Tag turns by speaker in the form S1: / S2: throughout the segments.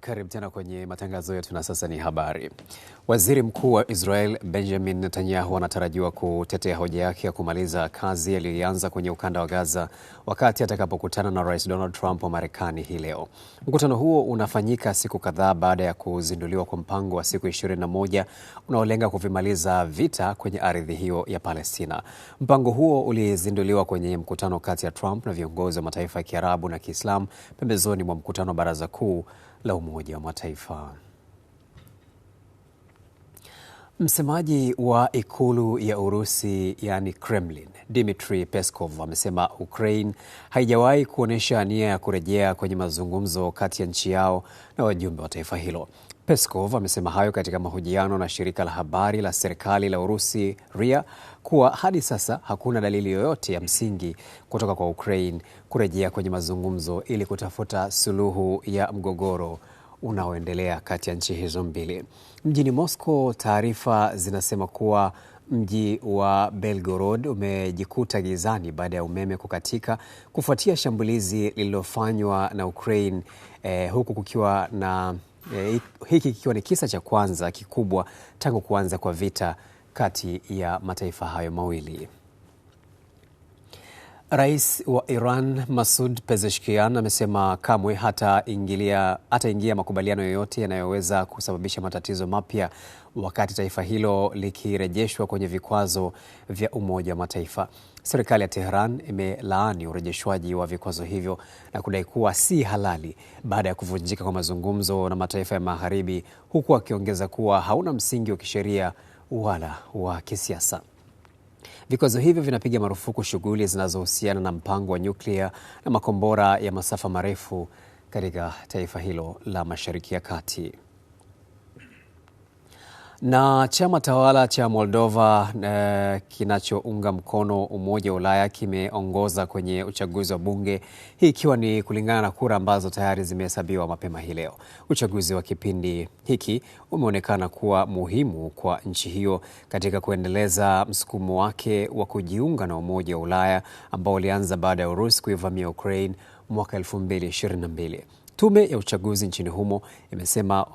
S1: Karibu tena kwenye matangazo yetu na sasa ni habari. Waziri Mkuu wa Israel Benjamin Netanyahu anatarajiwa kutetea hoja yake ya kumaliza kazi aliyoanza kwenye ukanda wa Gaza wakati atakapokutana na Rais Donald Trump wa Marekani hii leo. Mkutano huo unafanyika siku kadhaa baada ya kuzinduliwa kwa mpango wa siku 21 unaolenga kuvimaliza vita kwenye ardhi hiyo ya Palestina. Mpango huo ulizinduliwa kwenye mkutano kati ya Trump na viongozi wa mataifa ya Kiarabu na Kiislamu pembezoni mwa mkutano wa Baraza Kuu la Umoja wa Mataifa. Msemaji wa ikulu ya Urusi yaani Kremlin, Dmitri Peskov amesema Ukraine haijawahi kuonyesha nia ya kurejea kwenye mazungumzo kati ya nchi yao na wajumbe wa taifa hilo. Peskov amesema hayo katika mahojiano na shirika la habari la serikali la Urusi RIA kuwa hadi sasa hakuna dalili yoyote ya msingi kutoka kwa Ukraine kurejea kwenye mazungumzo ili kutafuta suluhu ya mgogoro unaoendelea kati ya nchi hizo mbili. Mjini Moscow, taarifa zinasema kuwa mji wa Belgorod umejikuta gizani baada ya umeme kukatika kufuatia shambulizi lililofanywa na Ukraine, eh, huku kukiwa na E, hiki kikiwa ni kisa cha kwanza kikubwa tangu kuanza kwa vita kati ya mataifa hayo mawili. Rais wa Iran Masoud Pezeshkian amesema kamwe hataingilia hataingia makubaliano yoyote yanayoweza kusababisha matatizo mapya wakati taifa hilo likirejeshwa kwenye vikwazo vya Umoja wa Mataifa. Serikali ya Tehran imelaani urejeshwaji wa vikwazo hivyo na kudai kuwa si halali baada ya kuvunjika kwa mazungumzo na mataifa ya Magharibi, huku akiongeza kuwa hauna msingi wa kisheria wala wa kisiasa. Vikwazo hivyo vinapiga marufuku shughuli zinazohusiana na mpango wa nyuklia na makombora ya masafa marefu katika taifa hilo la Mashariki ya Kati. Na chama tawala cha Moldova eh, kinachounga mkono Umoja wa Ulaya kimeongoza kwenye uchaguzi wa bunge, hii ikiwa ni kulingana na kura ambazo tayari zimehesabiwa mapema hii leo. Uchaguzi wa kipindi hiki umeonekana kuwa muhimu kwa nchi hiyo katika kuendeleza msukumo wake wa kujiunga na Umoja wa Ulaya ambao ulianza baada ya Urusi kuivamia Ukraine mwaka 2022. Tume ya uchaguzi nchini humo imesema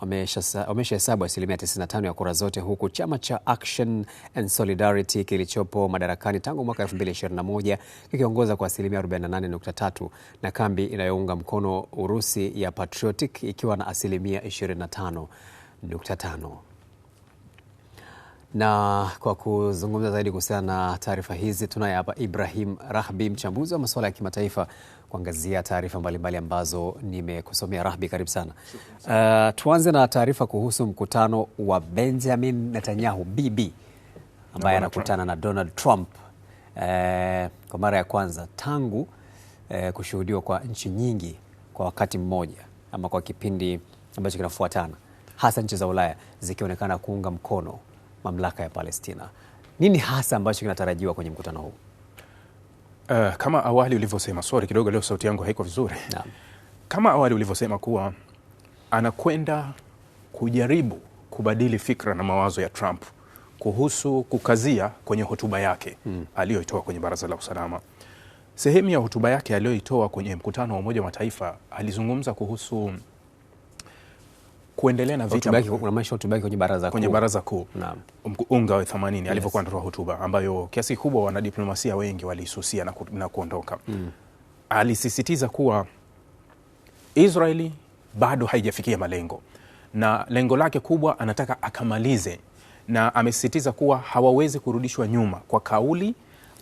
S1: wameshahesabu asilimia 95 ya kura zote huku chama cha Action and Solidarity kilichopo madarakani tangu mwaka 2021 kikiongoza kwa asilimia 48.3 na kambi inayounga mkono Urusi ya Patriotic ikiwa na asilimia 25.5. Na kwa kuzungumza zaidi kuhusiana na taarifa hizi tunaye hapa Ibrahim Rahbi, mchambuzi wa masuala ya kimataifa kuangazia taarifa mbalimbali ambazo nimekusomea. Rahbi, karibu sana. Uh, tuanze na taarifa kuhusu mkutano wa Benjamin Netanyahu bibi ambaye anakutana na Donald Trump uh, kwa mara ya kwanza tangu uh, kushuhudiwa kwa nchi nyingi kwa wakati mmoja ama kwa kipindi ambacho kinafuatana, hasa nchi za Ulaya zikionekana kuunga mkono mamlaka ya Palestina. Nini hasa ambacho kinatarajiwa kwenye mkutano huu?
S2: Uh, kama awali ulivyosema, sorry kidogo leo sauti yangu haiko vizuri na. Kama awali ulivyosema kuwa anakwenda kujaribu kubadili fikra na mawazo ya Trump kuhusu kukazia kwenye hotuba yake mm, aliyoitoa kwenye Baraza la Usalama. Sehemu ya hotuba yake aliyoitoa kwenye mkutano wa Umoja wa Mataifa alizungumza kuhusu kuendelea na vita
S1: tubaki kwenye baraza
S2: kwenye baraza kuu wa 80 yes, alivyokuwa anatoa hotuba ambayo kiasi kubwa wanadiplomasia wengi walisusia na, ku, na kuondoka mm. Alisisitiza kuwa Israeli bado haijafikia malengo na lengo lake kubwa anataka akamalize, na amesisitiza kuwa hawawezi kurudishwa nyuma kwa kauli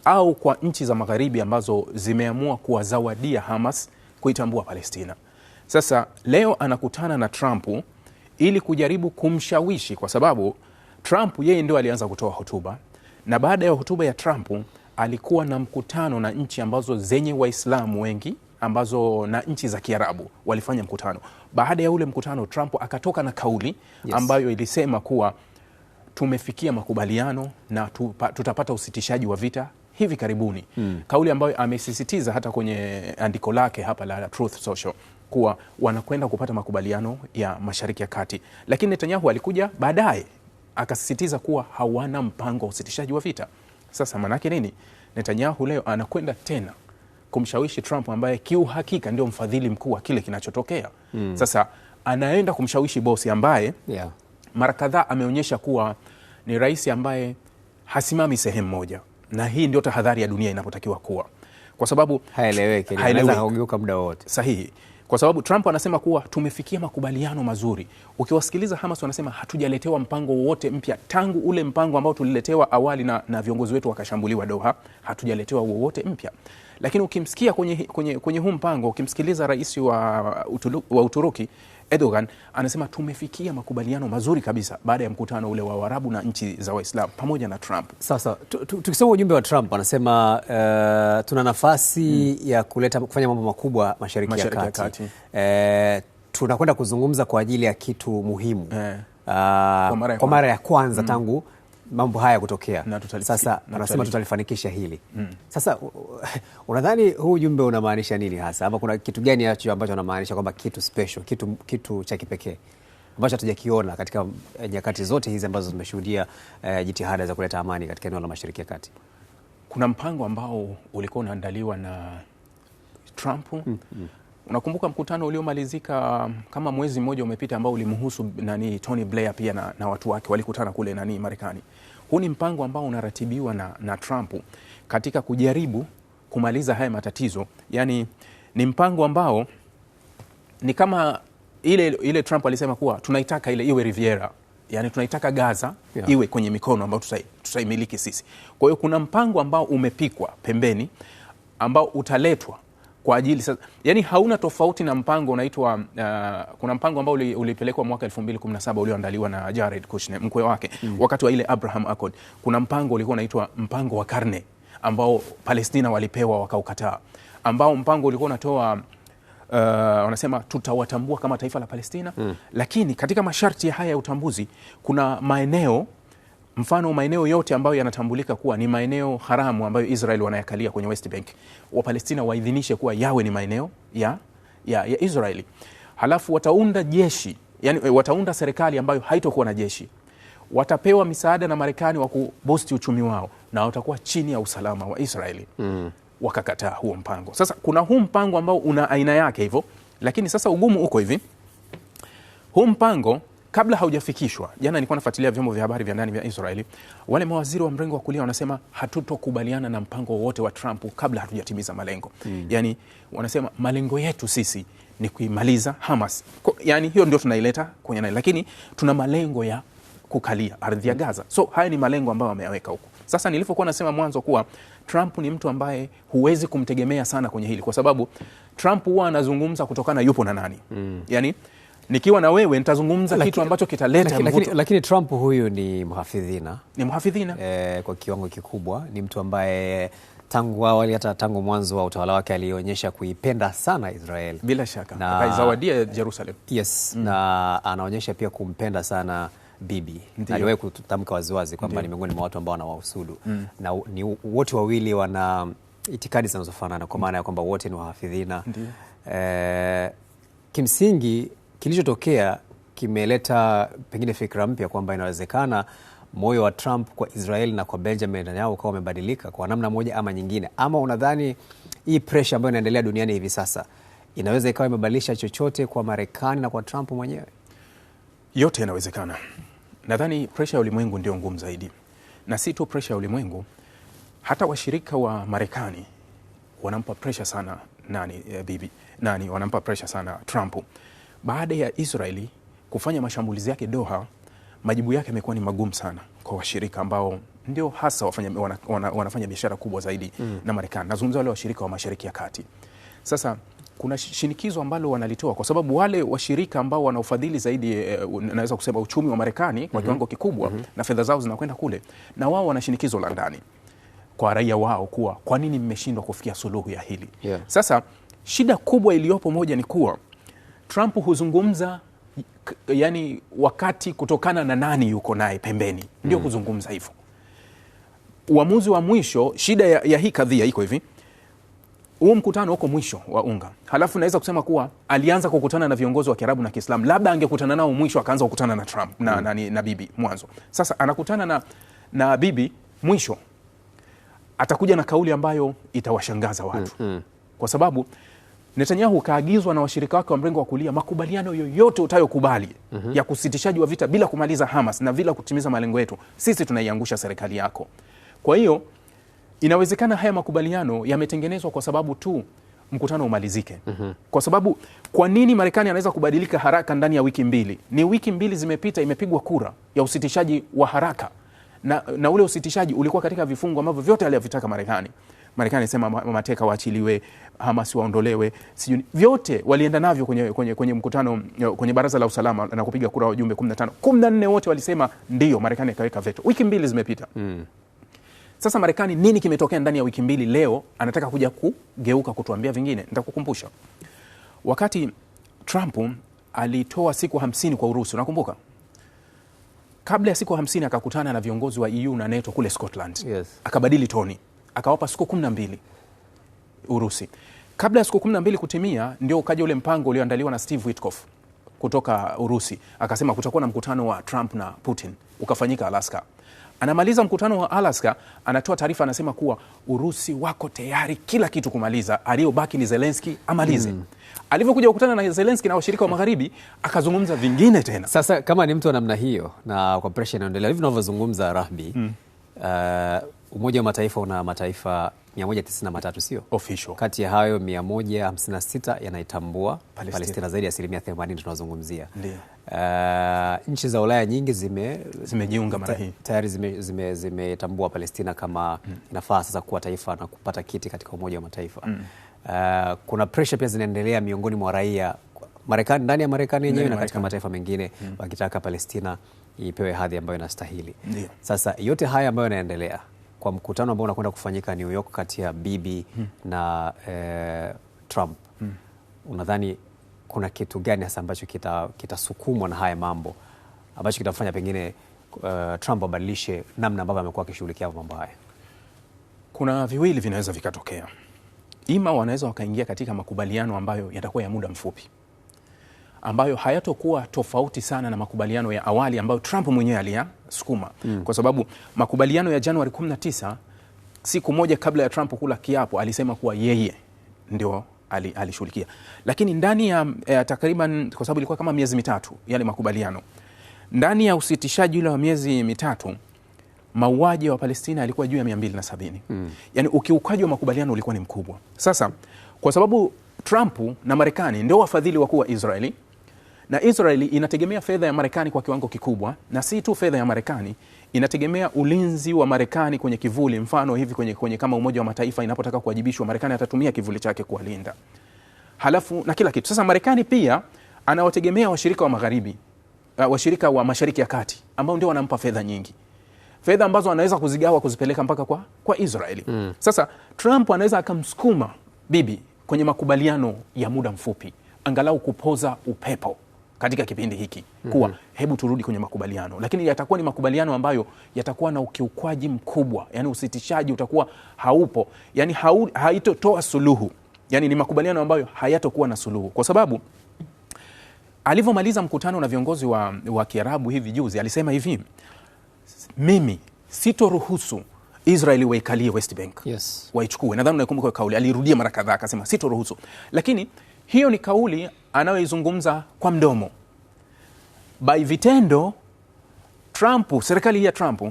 S2: au kwa nchi za magharibi ambazo zimeamua kuwazawadia Hamas kuitambua Palestina. Sasa leo anakutana na Trump ili kujaribu kumshawishi, kwa sababu Trump yeye ndio alianza kutoa hotuba, na baada ya hotuba ya Trump alikuwa na mkutano na nchi ambazo zenye Waislamu wengi ambazo na nchi za Kiarabu walifanya mkutano. Baada ya ule mkutano, Trump akatoka na kauli yes, ambayo ilisema kuwa tumefikia makubaliano na tutapata usitishaji wa vita hivi karibuni hmm. Kauli ambayo amesisitiza hata kwenye andiko lake hapa la Truth Social kuwa wanakwenda kupata makubaliano ya Mashariki ya Kati, lakini Netanyahu alikuja baadaye akasisitiza kuwa hawana mpango wa usitishaji wa vita. Sasa maanake nini? Netanyahu leo anakwenda tena kumshawishi Trump ambaye kiuhakika ndio mfadhili mkuu wa kile kinachotokea mm. Sasa anaenda kumshawishi bosi ambaye yeah. mara kadhaa ameonyesha kuwa ni rais ambaye hasimami sehemu moja, na hii ndio tahadhari ya dunia inapotakiwa kuwa, kwa sababu
S1: haeleweki, haeleweki, muda wowote.
S2: Sahihi kwa sababu Trump anasema kuwa tumefikia makubaliano mazuri. Ukiwasikiliza Hamas wanasema hatujaletewa mpango wowote mpya tangu ule mpango ambao tuliletewa awali na, na viongozi wetu wakashambuliwa Doha, hatujaletewa wowote mpya. Lakini ukimsikia kwenye, kwenye, kwenye huu mpango, ukimsikiliza rais wa, wa Uturuki Erdogan anasema tumefikia makubaliano mazuri kabisa baada ya mkutano ule wa Waarabu na nchi za Waislamu pamoja na Trump.
S1: Sasa tukisoma ujumbe wa Trump anasema uh, tuna nafasi hmm, ya kuleta kufanya mambo makubwa Mashariki, Mashariki ya Kati, ya kati. Uh, tunakwenda kuzungumza kwa ajili ya kitu muhimu eh, uh, kwa mara ya kwanza, kwa mara ya kwanza hmm, tangu mambo haya kutokea sasa anasema tutalifanikisha hili mm. Sasa unadhani huu ujumbe unamaanisha nini hasa, ama kuna kitu gani ambacho anamaanisha kwamba kitu special, kitu, kitu cha kipekee ambacho hatujakiona katika eh, nyakati zote hizi ambazo zimeshuhudia eh, jitihada za kuleta amani katika eneo la Mashariki ya Kati?
S2: Kuna mpango ambao ulikuwa unaandaliwa na Trump mm -hmm. Unakumbuka mkutano uliomalizika um, kama mwezi mmoja umepita ambao ulimhusu nani Tony Blair pia na, na watu wake walikutana kule nani Marekani. Huu ni mpango ambao unaratibiwa na, na Trump katika kujaribu kumaliza haya matatizo. Yaani ni mpango ambao ni kama ile, ile Trump alisema kuwa tunaitaka ile iwe Riviera Yaani tunaitaka Gaza yeah, iwe kwenye mikono ambayo tutaimiliki sisi. Kwa hiyo kuna mpango ambao umepikwa pembeni ambao utaletwa kwa ajili sasa, yani hauna tofauti na mpango unaitwa uh, kuna mpango ambao ulipelekwa mwaka 2017 ulioandaliwa na Jared Kushner mkwe wake mm. wakati wa ile Abraham Accord, kuna mpango ulikuwa unaitwa mpango wa karne ambao Palestina walipewa wakaukataa, ambao mpango ulikuwa unatoa Uh, wanasema tutawatambua kama taifa la Palestina mm. Lakini katika masharti haya ya utambuzi kuna maeneo Mfano, maeneo yote ambayo yanatambulika kuwa ni maeneo haramu ambayo Israel wanayakalia kwenye West Bank, Wapalestina waidhinishe kuwa yawe ni maeneo ya, ya, ya Israeli. Halafu wataunda jeshi, yani eh, wataunda serikali ambayo haitokuwa na jeshi, watapewa misaada na Marekani wa kubosti uchumi wao na watakuwa chini ya usalama wa Israeli mm. Wakakataa huo mpango. Sasa kuna huu mpango ambao una aina yake hivyo, lakini sasa ugumu uko hivi, huu mpango kabla haujafikishwa jana, nilikuwa nafuatilia vyombo vya habari vya ndani vya Israeli. Wale mawaziri wa mrengo wa kulia wanasema hatutokubaliana na mpango wowote wa Trump kabla hatujatimiza malengo mm. Yani wanasema malengo yetu sisi ni kuimaliza Hamas, yani hiyo ndio tunaileta kwenye nani, lakini tuna malengo ya kukalia ardhi ya hmm. Gaza. So haya ni malengo ambayo wameyaweka huko. Sasa nilivyokuwa nasema mwanzo kuwa Trump ni mtu ambaye huwezi kumtegemea sana kwenye hili, kwa sababu Trump huwa anazungumza kutokana yupo na nani mm. yani nikiwa na wewe nitazungumza kitu ambacho kitaleta lakini,
S1: Lakini, lakini Trump huyu ni mhafidhina, ni mhafidhina e, kwa kiwango kikubwa. Ni mtu ambaye tangu awali hata tangu mwanzo wa utawala wake alionyesha kuipenda sana Israel,
S2: bila shaka akaizawadia Jerusalem.
S1: Yes, mm. na anaonyesha pia kumpenda sana bibi aliwahi kutamka waziwazi kwamba ni miongoni mwa watu ambao wanawahusudu mm. na ni wote wawili wana itikadi zinazofanana kwa maana ya kwamba wote ni wahafidhina. eh, kimsingi kilichotokea kimeleta pengine fikra mpya kwamba inawezekana moyo wa Trump kwa Israel na kwa Benjamin Netanyahu ukawa umebadilika kwa namna moja ama nyingine, ama unadhani hii presha ambayo inaendelea duniani hivi sasa inaweza ikawa imebadilisha chochote kwa Marekani na kwa Trump mwenyewe?
S2: Yote yanawezekana. Nadhani presha ya ulimwengu ndio ngumu zaidi, na si tu presha ya ulimwengu, hata washirika wa Marekani wanampa presha sana nani, eh, bibi nani, wanampa presha sana Trump baada ya Israeli kufanya mashambulizi yake Doha, majibu yake yamekuwa ni magumu sana kwa washirika ambao ndio hasa wafanya, wana, wana, wanafanya biashara kubwa zaidi mm. na Marekani. Nazungumzia wale washirika wa Mashariki ya Kati. Sasa kuna shinikizo ambalo wanalitoa kwa sababu wale washirika ambao wanaofadhili zaidi e, naweza kusema uchumi wa Marekani kwa mm-hmm. kiwango mm -hmm. kikubwa mm -hmm. na fedha zao zinakwenda kule, na wao wana shinikizo la ndani kwa raia wao kuwa kwa nini mmeshindwa kufikia suluhu ya hili yeah. Sasa shida kubwa iliyopo moja ni kuwa Trump huzungumza yani wakati kutokana na nani yuko naye pembeni ndio mm. huzungumza hivyo. Uamuzi wa mwisho, shida ya, ya hii kadhia iko hivi, huu mkutano uko mwisho wa unga, halafu naweza kusema kuwa alianza kukutana na viongozi wa Kiarabu na Kiislamu, labda angekutana nao mwisho, akaanza kukutana na Trump na, mm. na, na, na bibi mwanzo. Sasa anakutana na, na bibi mwisho, atakuja na kauli ambayo itawashangaza watu mm. Mm. kwa sababu Netanyahu kaagizwa na washirika wake wa mrengo wa kulia, makubaliano yoyote utayokubali mm -hmm. ya kusitishaji wa vita bila kumaliza Hamas na bila kutimiza malengo yetu, sisi tunaiangusha serikali yako. Kwa hiyo inawezekana haya makubaliano yametengenezwa kwa sababu tu mkutano umalizike. mm -hmm. Kwa sababu kwa nini Marekani anaweza kubadilika haraka ndani ya wiki mbili? Ni wiki mbili zimepita, imepigwa kura ya usitishaji wa haraka na, na ule usitishaji ulikuwa katika vifungu ambavyo vyote aliyovitaka Marekani. Marekani sema mateka waachiliwe, Hamas waondolewe, sijui vyote walienda navyo kwenye, kwenye, kwenye mkutano eh, kwenye baraza la usalama na kupiga kura wajumbe 15 14 wote walisema ndio, Marekani akaweka veto. Wiki mbili zimepita mm. Sasa Marekani, nini kimetokea ndani ya wiki mbili? Leo anataka kuja kugeuka kutuambia vingine. Nitakukumbusha wakati Trump alitoa siku hamsini kwa Urusi, unakumbuka? Kabla ya siku hamsini akakutana na viongozi wa EU na NATO kule Scotland, yes. Akabadili toni akawapa siku kumi na mbili. Urusi. Kabla ya siku kumi na mbili kutimia, ndio ukaja ule mpango ulioandaliwa na Steve Witkoff kutoka Urusi, akasema kutakuwa na mkutano wa Trump na Putin, ukafanyika Alaska. Anamaliza mkutano wa Alaska, anatoa taarifa, anasema kuwa Urusi wako tayari kila kitu kumaliza, aliyobaki ni Zelenski amalize. mm. Alivyokuja kukutana na Zelenski na washirika wa magharibi, akazungumza vingine tena.
S1: Sasa kama ni mtu wa namna hiyo na kwa presha inaendelea hivi unavyozungumza Rahbi, mm. uh, eh, Umoja wa Mataifa una mataifa 193 sio official. Kati ya hayo 156 yanaitambua Palestina. Palestina zaidi ya asilimia 80 tunazungumzia. Uh, nchi za Ulaya nyingi zime
S2: zimejiunga mara hii
S1: tayari zimetambua zime, zime Palestina kama mm. nafasi sasa kuwa taifa na kupata kiti katika Umoja wa Mataifa mm. Uh, kuna pressure pia zinaendelea miongoni mwa raia Marekani, ndani ya Marekani yenyewe na katika mataifa mengine mm. wakitaka Palestina ipewe hadhi ambayo inastahili. Sasa yote haya ambayo yanaendelea kwa mkutano ambao unakwenda kufanyika New York kati ya Bibi hmm. na eh, Trump hmm. unadhani kuna kitu gani hasa ambacho kitasukumwa kita na haya mambo ambacho kitafanya pengine uh, Trump abadilishe namna ambavyo amekuwa akishughulikia mambo haya?
S2: Kuna viwili vinaweza vikatokea, ima wanaweza wakaingia katika makubaliano ambayo yatakuwa ya muda mfupi ambayo hayatokuwa tofauti sana na makubaliano ya awali ambayo Trump mwenyewe aliyasukuma mm. Kwa sababu makubaliano ya Januari 19 siku moja kabla ya Trump kula kiapo alisema kuwa yeye ndio alishughulikia, lakini ndani ya eh, takriban kwa sababu ilikuwa kama miezi mitatu yale makubaliano, ndani ya usitishaji ule wa miezi mitatu mauaji wa Palestina yalikuwa juu ya 270 mm. Yani ukiukaji wa makubaliano ulikuwa ni mkubwa. Sasa kwa sababu Trump na Marekani ndio wafadhili wakuu wa Israeli na Israeli inategemea fedha ya Marekani kwa kiwango kikubwa, na si tu fedha ya Marekani, inategemea ulinzi wa Marekani kwenye kivuli. Mfano hivi kwenye, kwenye kama Umoja wa Mataifa inapotaka kuwajibishwa, Marekani atatumia kivuli chake kuwalinda, halafu na kila kitu. Sasa Marekani pia anawategemea washirika wa magharibi, uh, washirika wa mashariki ya kati ambao ndio wanampa fedha nyingi fedha ambazo anaweza kuzigawa kuzipeleka mpaka kwa, kwa Israeli mm. Sasa Trump anaweza akamsukuma Bibi kwenye makubaliano ya muda mfupi, angalau kupoza upepo katika kipindi hiki kuwa mm -hmm. hebu turudi kwenye makubaliano, lakini yatakuwa ni makubaliano ambayo yatakuwa na ukiukwaji mkubwa, yani usitishaji utakuwa haupo, yani hau, haitotoa suluhu, yani ni makubaliano ambayo hayatokuwa na suluhu, kwa sababu alivyomaliza mkutano na viongozi wa, wa Kiarabu hivi juzi alisema hivi, mimi sitoruhusu Israeli waikalie West Bank yes. waichukue. Nadhani unakumbuka kauli, alirudia mara kadhaa akasema sitoruhusu, lakini hiyo ni kauli anayoizungumza kwa mdomo. By vitendo, Trump, serikali ya Trump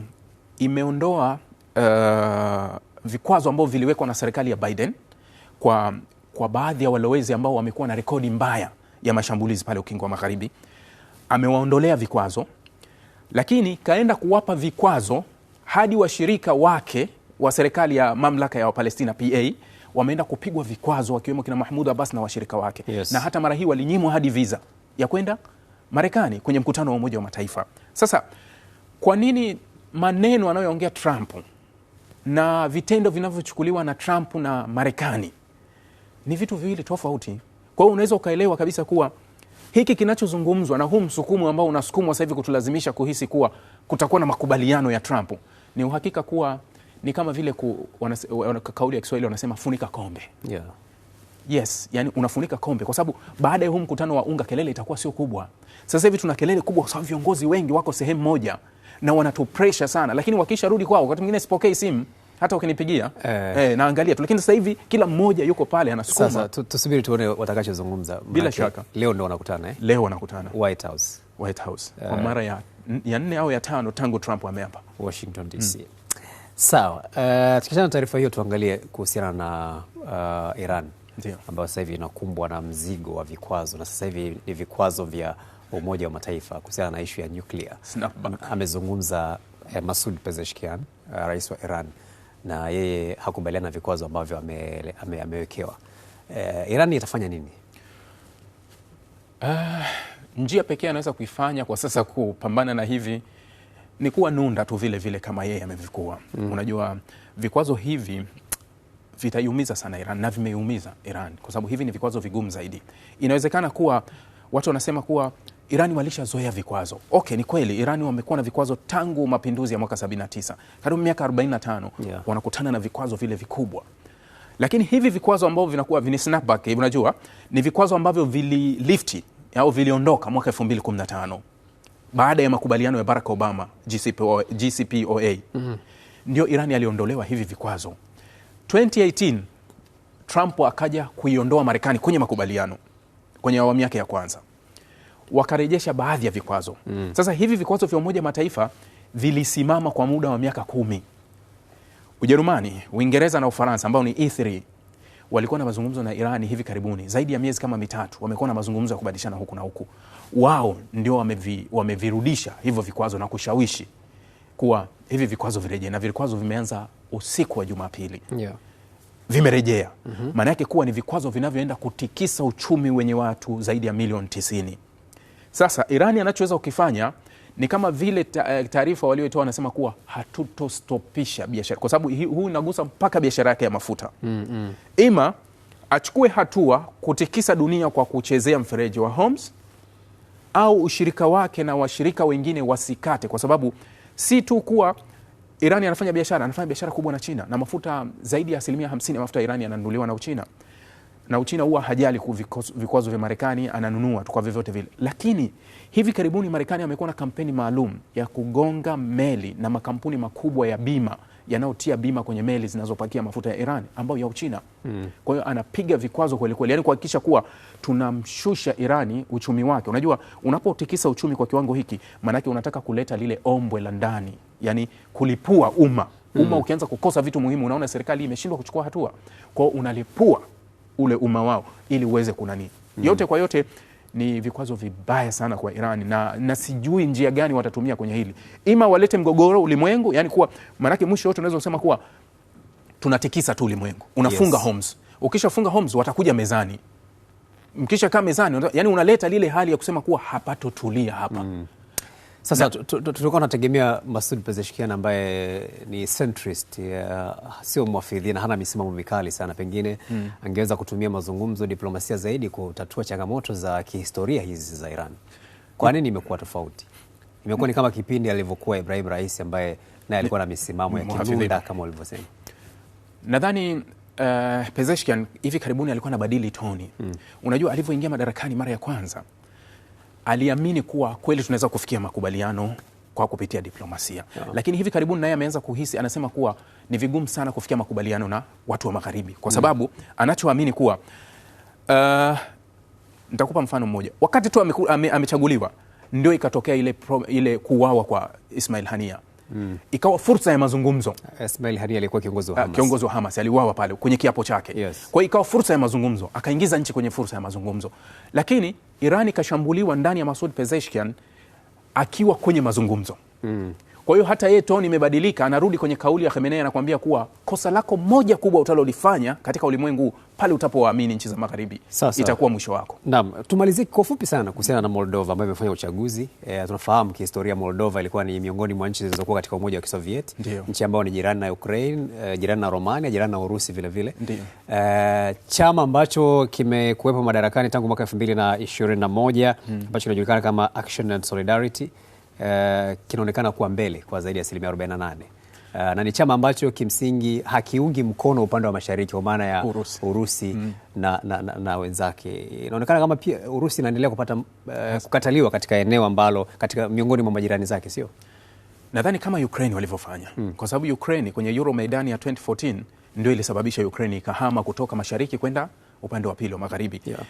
S2: imeondoa uh, vikwazo ambavyo viliwekwa na serikali ya Biden kwa, kwa baadhi ya walowezi ambao wamekuwa na rekodi mbaya ya mashambulizi pale ukingo wa Magharibi. Amewaondolea vikwazo, lakini kaenda kuwapa vikwazo hadi washirika wake wa serikali ya mamlaka ya Wapalestina PA wameenda kupigwa vikwazo wakiwemo kina Mahmud Abbas na washirika wake yes. na hata mara hii walinyimwa hadi viza ya kwenda Marekani kwenye mkutano wa Umoja wa Mataifa. Sasa kwa nini maneno anayoongea Trump na vitendo vinavyochukuliwa na Trump na Marekani ni vitu viwili tofauti. Kwa hiyo unaweza ukaelewa kabisa kuwa hiki kinachozungumzwa na huu msukumo ambao unasukumwa sasa hivi kutulazimisha kuhisi kuwa kutakuwa na makubaliano ya Trump ni uhakika kuwa ni kama vile ku, wanase, kauli ya Kiswahili wanasema funika kombe yeah. Yes, yani unafunika kombe kwa sababu baada ya huu mkutano wa UNGA kelele itakuwa sio kubwa. Sasa hivi tuna kelele kubwa kwa sababu viongozi wengi wako sehemu moja na wanatu pressure sana, lakini wakisha rudi kwao, wakati mwingine sipokei simu hata ukinipigia eh, eh, naangalia tu, lakini sasa hivi kila mmoja yuko pale anasukuma. Sasa
S1: tusubiri tuone watakachozungumza, bila shaka leo ndo wanakutana eh?
S2: Leo wanakutana
S1: White House,
S2: White House. Eh, kwa mara ya, ya nne au ya tano tangu Trump ameapa
S1: Washington DC mm. Sawa. Uh, eh, tukishana taarifa hiyo tuangalie kuhusiana na uh, Iran ambayo sasa hivi inakumbwa na mzigo wa vikwazo na sasa hivi ni vikwazo vya Umoja wa Mataifa kuhusiana na ishu ya nyuklia. Amezungumza eh, Masud Pezeshkian uh, rais wa Iran na yeye hakubaliana na vikwazo ambavyo ame, amewekewa. Eh, Iran itafanya nini?
S2: Uh, njia pekee anaweza kuifanya kwa sasa kupambana na hivi ni kuwa nunda tu vile vile kama yeye amevikuwa. Mm. Unajua vikwazo hivi vitaiumiza sana Iran na vimeiumiza Iran kwa sababu hivi ni vikwazo vigumu zaidi. Inawezekana kuwa watu wanasema kuwa Irani walishazoea vikwazo. Okay, ni kweli Irani wamekuwa na vikwazo tangu mapinduzi ya mwaka 79. Karibu miaka 45 yeah. Wanakutana na vikwazo vile vikubwa. Lakini hivi vikwazo ambavyo vinakuwa vini snapback, unajua, ni vikwazo ambavyo vililifti au viliondoka mwaka 2015 baada ya makubaliano ya Barack Obama gcpoa GCPOA mm-hmm. ndio Irani aliondolewa hivi vikwazo. 2018 Trump akaja kuiondoa Marekani kwenye makubaliano kwenye awamu yake ya kwanza, wakarejesha baadhi ya vikwazo mm. Sasa hivi vikwazo vya Umoja Mataifa vilisimama kwa muda wa miaka kumi. Ujerumani, Uingereza na Ufaransa ambao ni E3 walikuwa na mazungumzo na Irani hivi karibuni, zaidi ya miezi kama mitatu, wamekuwa na mazungumzo ya kubadilishana huku na huku. Wao ndio wamevi, wamevirudisha hivyo vikwazo na kushawishi kuwa hivi vikwazo virejee, na vikwazo vimeanza usiku wa Jumapili yeah. Vimerejea mm-hmm. maana mm -hmm. yake kuwa ni vikwazo vinavyoenda kutikisa uchumi wenye watu zaidi ya milioni tisini. Sasa Irani anachoweza kukifanya ni kama vile eh, taarifa walioitoa wanasema kuwa hatutostopisha biashara, kwa sababu huu inagusa mpaka biashara yake ya mafuta mm -mm. Ima achukue hatua kutikisa dunia kwa kuchezea mfereji wa Hormuz au ushirika wake na washirika wengine wasikate, kwa sababu si tu kuwa Irani anafanya biashara, anafanya biashara kubwa na China na mafuta zaidi ya asilimia 50 ya mafuta ya Irani yananunuliwa na Uchina, na Uchina huwa hajali vikwazo vya Marekani, ananunua tu kwa vyovyote vile, lakini Hivi karibuni Marekani amekuwa na kampeni maalum ya kugonga meli na makampuni makubwa ya bima yanayotia bima kwenye meli zinazopakia mafuta ya Iran ambayo ya Uchina. Mm. Kwa hiyo anapiga vikwazo kweli kweli, yani kuhakikisha kuwa tunamshusha Irani uchumi wake. Unajua, unapotikisa uchumi kwa kiwango hiki, maanake unataka kuleta lile ombwe la ndani, yani kulipua umma. Hmm. Umma ukianza kukosa vitu muhimu, unaona serikali imeshindwa kuchukua hatua, kwao, unalipua ule umma wao ili uweze kunani. Hmm. Yote kwa yote ni vikwazo vibaya sana kwa Iran na, na sijui njia gani watatumia kwenye hili, ima walete mgogoro ulimwengu, yani kuwa maanake mwisho wote unaweza kusema kuwa tunatikisa tu ulimwengu, unafunga yes. Homes ukishafunga homes watakuja mezani, mkisha kaa mezani, yani unaleta lile hali ya kusema kuwa hapatotulia hapa mm.
S1: Sasa tulikuwa tunategemea Masoud Pezeshkian ambaye ni centrist, sio mwafidhi na hana misimamo mikali sana, pengine mm. angeweza kutumia mazungumzo, diplomasia zaidi kutatua changamoto za kihistoria hizi za Iran. Kwa nini imekuwa tofauti? Imekuwa ni kama kipindi alivyokuwa Ibrahim Raisi ambaye naye alikuwa na misimamo ya kimunda kama ulivyosema.
S2: Nadhani uh, Pezeshkian hivi karibuni alikuwa anabadili toni mm. Unajua alivyoingia madarakani mara ya kwanza aliamini kuwa kweli tunaweza kufikia makubaliano kwa kupitia diplomasia yeah. Lakini hivi karibuni naye ameanza kuhisi, anasema kuwa ni vigumu sana kufikia makubaliano na watu wa magharibi kwa mm. sababu mm. anachoamini kuwa uh, nitakupa mfano mmoja. Wakati tu amechaguliwa, ndio ikatokea ile, ile kuuawa kwa Ismail Hania mm. ikawa fursa ya mazungumzo.
S1: Ismail Haniyeh alikuwa kiongozi wa ah, Hamas,
S2: kiongozi wa Hamas aliuawa pale kwenye kiapo chake yes. Kwa hiyo ikawa fursa ya mazungumzo, akaingiza nchi kwenye fursa ya mazungumzo, lakini Irani ikashambuliwa ndani ya Masoud Pezeshkian akiwa kwenye mazungumzo mm. Kwa hiyo hata yeye toni imebadilika, anarudi kwenye kauli ya Khamenei, anakuambia kuwa kosa lako moja kubwa utalolifanya katika ulimwengu pale utapowaamini nchi za magharibi itakuwa mwisho wako.
S1: Naam, tumalizie kwa ufupi sana kuhusiana na Moldova ambayo imefanya uchaguzi e, tunafahamu kihistoria Moldova ilikuwa ni miongoni mwa nchi zilizokuwa katika Umoja wa Kisovieti, nchi ambayo ni jirani na Ukraine, e, jirani na Romania, jirani na Urusi vile vile. E, chama ambacho kimekuwepo madarakani tangu mwaka 2021 hmm. ambacho hmm, kinajulikana kama Action and Solidarity Eh, kinaonekana kuwa mbele kwa zaidi ya asilimia 48 uh, eh, na ni chama ambacho kimsingi hakiungi mkono upande wa mashariki kwa maana ya Urusi, Urusi mm. na, na, na, na wenzake. Inaonekana kama pia Urusi inaendelea kupata uh, kukataliwa katika eneo ambalo katika miongoni mwa majirani zake, sio
S2: nadhani kama Ukraine walivyofanya mm. kwa sababu Ukraine kwenye Euro Maidani ya 2014 ndio ilisababisha Ukraine ikahama kutoka mashariki kwenda upande wa pili wa magharibi yeah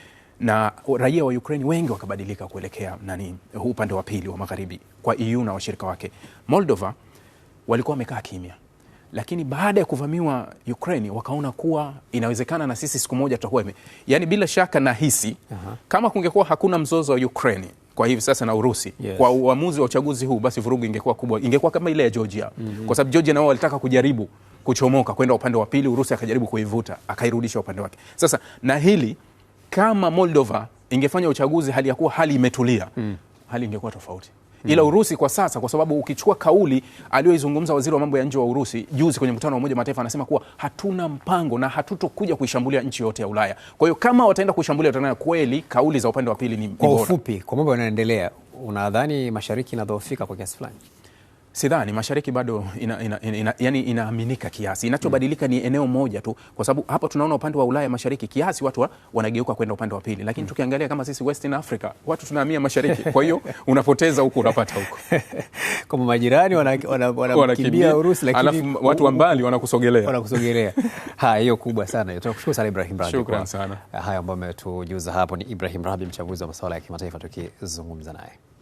S2: na raia wa Ukraine wengi wakabadilika kuelekea nani huu upande wa pili wa magharibi kwa EU na washirika wake. Moldova walikuwa wamekaa kimya, lakini baada ya kuvamiwa Ukraine wakaona kuwa inawezekana na sisi siku moja tutakuwa ime, yani, bila shaka nahisi uh -huh. kama kungekuwa hakuna mzozo wa Ukraine kwa hivi sasa na Urusi yes. Kwa uamuzi wa uchaguzi huu basi vurugu ingekuwa kubwa, ingekuwa kama ile ya Georgia mm -hmm. Kwa sababu Georgia nao walitaka kujaribu kuchomoka kwenda upande wa pili, Urusi akajaribu kuivuta akairudisha upande wake. Sasa na hili kama Moldova ingefanya uchaguzi hali ya kuwa hali imetulia mm. hali ingekuwa tofauti mm. Ila hmm. Urusi kwa sasa, kwa sababu ukichukua kauli aliyoizungumza waziri wa mambo ya nje wa Urusi juzi kwenye mkutano wa Umoja Mataifa, anasema kuwa hatuna mpango na hatutokuja kuishambulia nchi yote ya Ulaya. Kwa hiyo kama wataenda kuishambulia, utaona kweli kauli za upande wa pili ni. Kwa
S1: ufupi, kwa mambo yanayoendelea, unadhani mashariki inadhoofika kwa kiasi fulani?
S2: sidhani mashariki bado ina, ina, ina, yani inaaminika kiasi. Inachobadilika ni eneo moja tu, kwa sababu hapa tunaona upande wa Ulaya mashariki kiasi watu wa, wanageuka kwenda upande wa pili, lakini hmm. tukiangalia kama sisi Western Africa watu tunahamia mashariki, kwa hiyo unapoteza huku unapata huku
S1: kama majirani wanakimbia wana, wana Urusi,
S2: lakini watu wa mbali wanakusogelea
S1: wanakusogelea. Haya, hiyo kubwa sana hiyo. Tunakushukuru sana Ibrahim Rahbi, shukran sana. Haya ambayo umetujuza hapo ni Ibrahim Rahbi, mchambuzi wa masuala ya kimataifa, tukizungumza naye.